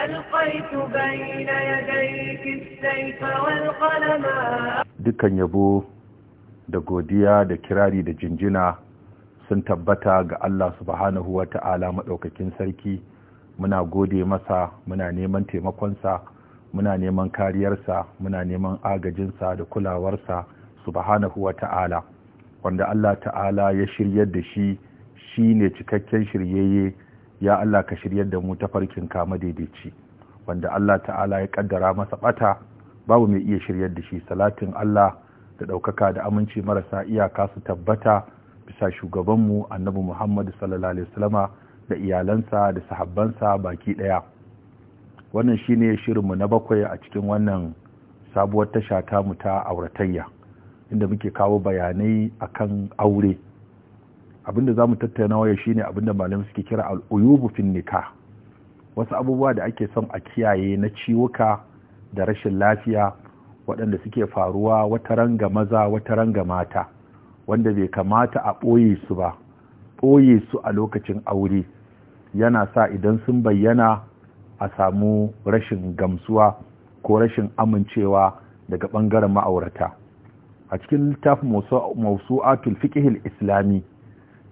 ألقيت بين يديك السيف والقلم دكان يبو da godiya da kirari da jinjina sun tabbata ga Allah subhanahu wa ta'ala maɗaukakin sarki muna gode masa muna neman taimakonsa muna neman kariyarsa muna neman agajinsa da kulawarsa subhanahu wa ta'ala wanda Allah ta'ala ya shiryar da shi shi ne cikakken shiryayye ya Allah ka shiryar da mu tafarkin ka madaidaici wanda Allah ta'ala ya kaddara masa bata babu mai iya shiryar da shi salatin Allah da ɗaukaka da aminci marasa iyaka su tabbata bisa shugabanmu annabi Muhammadu sallallahu alaihi wasallama da iyalansa da sahabbansa baki ɗaya wannan shine mu na bakwai a cikin wannan sabuwar tasha ta mu ta auratayya inda muke kawo bayanai akan aure Abin abinda zamu tattauna waya shine abinda malamai suke kira al-uyubu fin nikah wasu abubuwa da ake son a kiyaye na ciwuka da rashin lafiya waɗanda suke faruwa wata ranga maza wata ranga mata wanda bai kamata a ɓoye su ba ɓoye su a lokacin aure yana sa idan sun bayyana a samu rashin gamsuwa ko rashin amincewa daga ɓangaren ma'aurata a cikin littafin mausu'atul fiqhil islami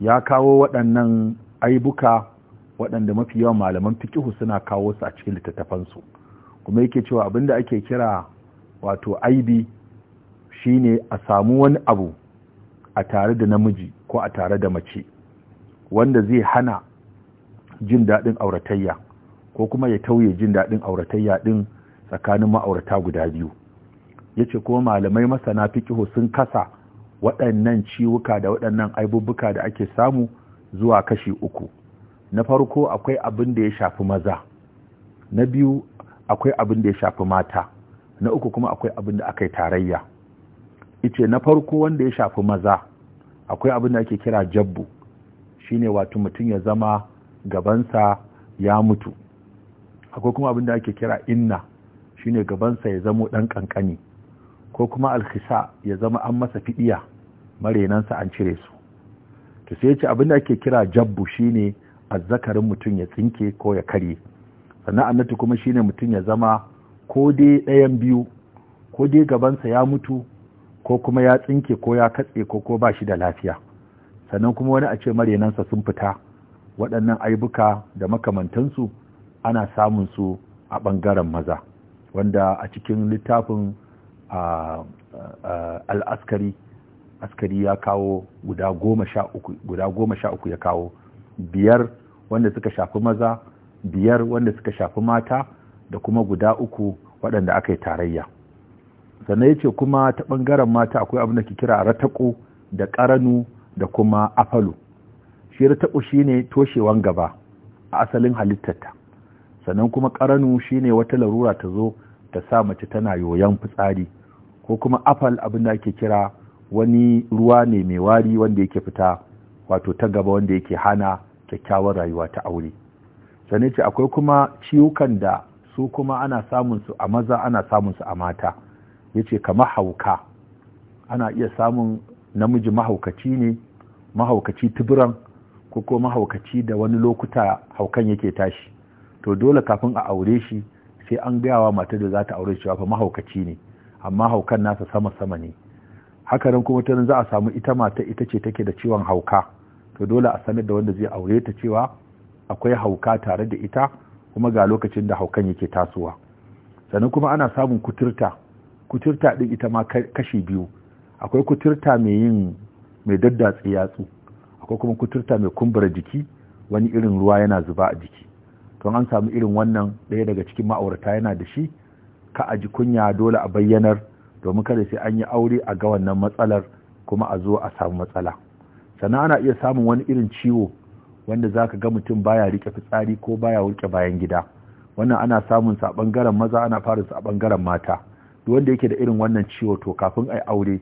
ya kawo waɗannan aibuka waɗanda mafi yawan malaman fikihu suna kawo su a cikin littattafansu kuma yake cewa abin da ake kira wato aibi shine a samu wani abu a tare da namiji ko a tare da mace wanda zai hana jin daɗin auratayya ko kuma ya tauye jin daɗin auratayya ɗin tsakanin ma'aurata guda biyu ya ce kuma malamai masana fikihu sun kasa waɗannan ciwuka da waɗannan aibubuka da ake samu zuwa kashi uku na farko akwai abin da ya shafi maza na biyu akwai abin da ya shafi mata na uku kuma akwai abin da aka yi tarayya ice na farko wanda ya shafi maza akwai abin da ake kira jabbu shine wato mutum ya zama gabansa ya mutu akwai kuma abin da ake kira inna shine gabansa ya zamo dan kankani ko kuma alkhisa ya zama an masa fiɗiya. marenansa an cire su to sai ce abinda ake kira jabbu shine azzakarin mutum ya tsinke ko ya karye sannan annatu kuma shine mutum ya zama ko dai ɗayan biyu ko dai gabansa ya mutu ko kuma ya tsinke ko ya katse ko ko ba shi da lafiya sannan kuma wani a ce marenansa sun fita waɗannan aibuka da makamantansu ana samun su a ɓangaren maza wanda a cikin littafin ah, ah, ah, al'askari askari ya kawo guda goma sha uku ya kawo biyar wanda suka shafi maza biyar wanda suka shafi mata da kuma guda uku waɗanda aka yi tarayya sannan ya ce kuma ta ɓangaren mata akwai abin da ke kira rataƙo da ƙaranu da kuma afalu shi rataƙo shine toshewan gaba a asalin halittarta sannan kuma ƙaranu shine wata larura ta zo ta sa mace tana yoyon fitsari ko kuma afal abin da ake kira wani ruwa ne mai wari wanda yake fita wato ta gaba wanda yake hana kyakkyawar rayuwa ta aure sane ce akwai kuma ciwukan da su kuma ana samun su a maza ana samun su a mata yace kamar hauka ana iya samun namiji mahaukaci ne mahaukaci tuburan ko ko mahaukaci da wani lokuta haukan yake tashi to dole kafin a aure shi sai an gayawa matar da za ta aure shi fa mahaukaci ne amma haukan nasa sama sama ne haka nan kuma ta za a samu ita mata ita ce take da ciwon hauka to dole a sanar da wanda zai aure ta cewa akwai hauka tare da ita kuma ga lokacin da haukan yake tasowa sannan kuma ana samun kuturta kuturta din ita ma kashi biyu akwai kuturta mai yin mai daddatsi yatsu akwai kuma kuturta mai kumbura jiki wani irin ruwa yana zuba a jiki to an samu irin wannan ɗaya daga cikin ma'aurata yana da shi ka a ji kunya dole a bayyanar domin kada sai an yi aure a ga wannan matsalar kuma a zo a samu matsala sannan ana iya samun wani irin ciwo wanda za ka ga mutum baya rike fitsari ko baya rike bayan gida wannan ana samun sa bangaren maza ana fara sa bangaren mata duk wanda yake da irin wannan ciwo to kafin ai aure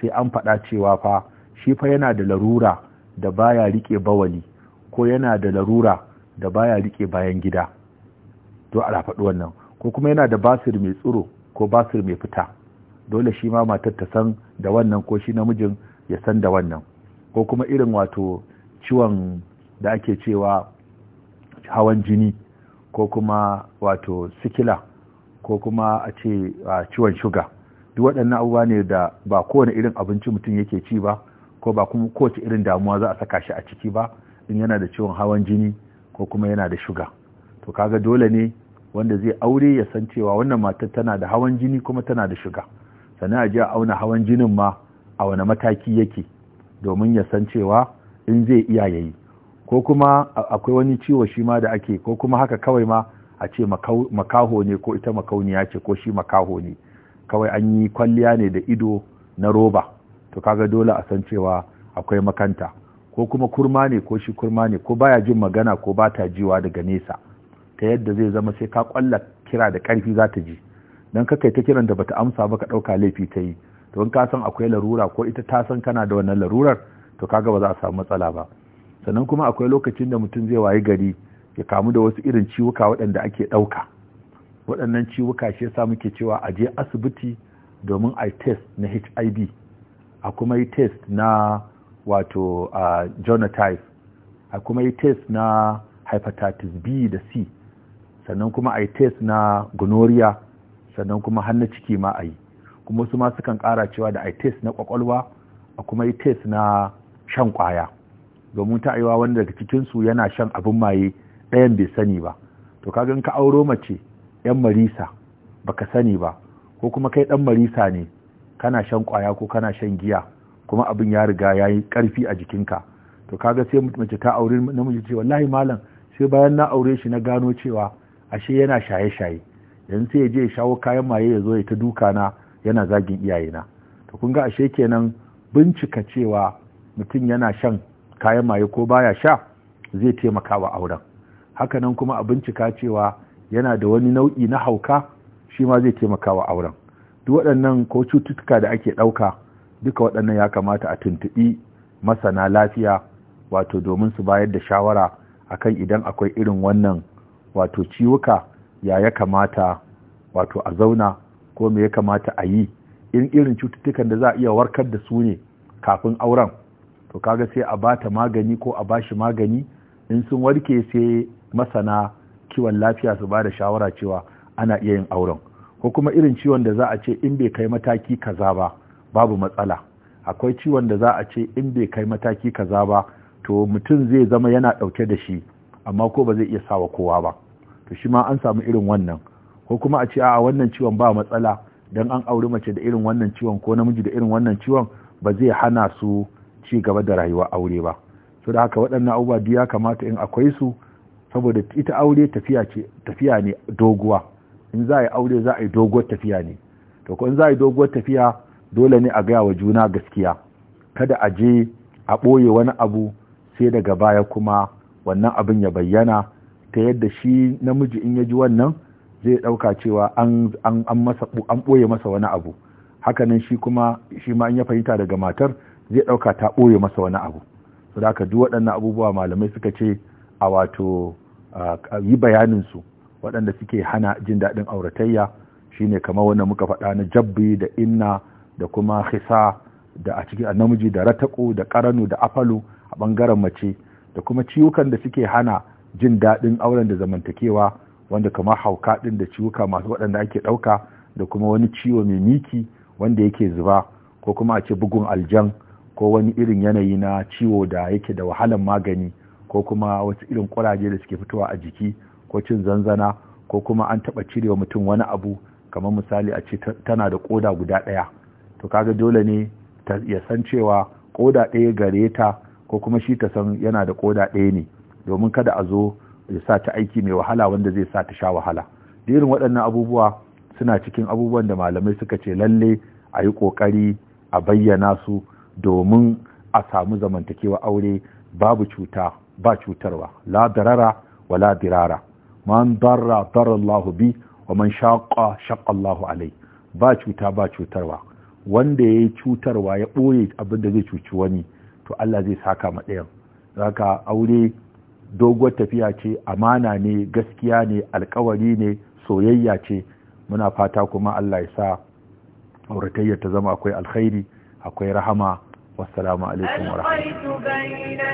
sai an faɗa cewa fa shi fa yana da larura da baya rike bawali ko yana da larura da baya rike bayan gida to ana faɗi wannan ko kuma yana da basir mai tsiro ko basir mai fita dole shi ma matar ta san da wannan ko shi namijin ya san da wannan ko kuma irin wato ciwon da ake cewa hawan jini ko kuma wato sikila ko kuma a ce ciwon shuga duk waɗannan abubuwa ne da ba kowane irin abinci mutum yake ci ba ko ba kuma kowace irin damuwa za a saka shi a ciki ba in yana da ciwon hawan jini ko kuma yana da shuga to kaga dole ne wanda zai aure ya san cewa wannan matar tana da hawan jini kuma tana da shuga sani a ji a auna hawan jinin ma a wani mataki yake domin ya san cewa in zai iya yayi ko kuma akwai wani ciwo shi ma da ake ko kuma haka kawai ma a ce makaho ne ko ita makauniya ce ko shi makaho ne kawai an yi kwalliya ne da ido na roba to kaga dole a san cewa akwai makanta ko kuma kurma ne ko shi kurma ne ko baya jin magana ko ba ta jiwa daga nesa ta yadda zai zama sai ka kwalla kira da karfi za ta ji dan ka kai ta kiran da bata amsa ba ka ɗauka laifi ta yi to in ka san akwai larura ko ita ta san kana da wannan larurar to kaga ba za a samu matsala ba sannan kuma akwai lokacin da mutum zai wayi gari ya kamu da wasu irin ciwuka waɗanda ake ɗauka waɗannan ciwuka shi yasa muke cewa a je asibiti domin a test na hiv a kuma yi test na wato a genotype a kuma yi test na hepatitis b da c sannan kuma a yi test na gonorrhea sannan kuma hannu ciki ma a yi kuma su ma sukan kara cewa da ai test na kwakwalwa a kuma yi test na shan kwaya domin ta aiwa wanda daga cikin su yana shan abin maye ɗayan bai sani ba to kaga in ka auro mace yan marisa baka sani ba ko kuma kai ɗan marisa ne kana shan kwaya ko kana shan giya kuma abin ya riga ya yi ƙarfi a jikinka to kaga sai mace ta aure namiji ce wallahi malam sai bayan na aure shi na gano cewa ashe yana shaye-shaye yanzu sai ya je ya shawo kayan maye ya zo ya ta duka na yana zagin iyayena to kun ga ashe kenan bincika cewa mutum yana shan kayan maye ko baya sha zai taimaka wa auren hakanan kuma a bincika cewa yana da wani nau'i na hauka shi ma zai taimaka wa auren duk waɗannan ko cututtuka da ake ɗauka duka waɗannan ya kamata a tuntuɓi masana lafiya wato domin su bayar da shawara akan idan akwai irin wannan wato ciwuka ya ya kamata wato a zauna ko me ya kamata a yi in irin cututtukan da za a iya warkar da su ne kafin auren to kaga sai a bata magani ko a bashi magani in sun warke sai masana kiwon lafiya su ba da shawara cewa ana iya yin auren ko kuma irin ciwon da za a ce in bai kai mataki kaza ba babu matsala akwai ciwon da za a ce in bai kai mataki kaza ba to mutum zai zama yana ɗauke da shi amma ko ba zai iya sawa kowa ba to shi ma an samu irin wannan ko kuma a ce a wannan ciwon ba matsala don an auri mace da irin wannan ciwon ko namiji da irin wannan ciwon ba zai hana su ci gaba da rayuwa aure ba so da haka waɗannan abubuwa duk ya kamata in akwai su saboda ita aure tafiya ce tafiya ne doguwa in za a yi aure za a yi doguwar tafiya ne to ko in za a yi doguwar tafiya dole ne a gaya wa juna gaskiya kada a je a ɓoye wani abu sai daga baya kuma wannan abin ya bayyana ta yadda shi namiji in ya ji wannan zai ɗauka cewa an ɓoye masa wani abu hakanan shi kuma shi ma in ya fahimta daga matar zai ɗauka ta ɓoye masa wani abu su da duk waɗannan abubuwa malamai suka ce a wato yi bayaninsu waɗanda suke hana jin daɗin auratayya shine kamar wanda muka faɗa na jabbi da inna da kuma hisa da a cikin namiji da rataku da ƙaranu da afalu a ɓangaren mace da kuma ciwukan da suke hana jin daɗin auren da zamantakewa wanda kamar hauka ɗin da ciwuka masu waɗanda ake ɗauka da kuma wani ciwo mai miki wanda yake zuba ko kuma a ce bugun aljan ko wani irin yanayi na ciwo da yake da wahalan magani ko kuma wasu irin ƙuraje da suke fitowa a jiki ko cin zanzana ko kuma an taɓa cirewa mutum wani abu kamar misali a ce tana da ƙoda guda ɗaya to kaga dole ne ya san cewa ƙoda ɗaya gare ta ko kuma shi ta san yana da ƙoda ɗaya ne domin kada a zo ya sa ta aiki mai wahala wanda zai sa ta sha wahala da irin waɗannan abubuwa suna cikin abubuwan da malamai suka ce lalle a yi ƙoƙari a bayyana su domin a samu zamantakewa aure babu cuta ba cutarwa la darara wa la dirara man darra darra Allah bi wa man shaqqa shaqqa Allah alai ba cuta ba cutarwa wanda ya yi cutarwa ya ɓoye abin da zai cuci wani to Allah zai saka ma ɗayan zaka aure doguwar tafiya ce amana ne gaskiya ne alkawari ne soyayya ce muna fata kuma Allah ya sa auratayya ta zama akwai alkhairi akwai rahama wassalamu alaikum wa rahmatullahi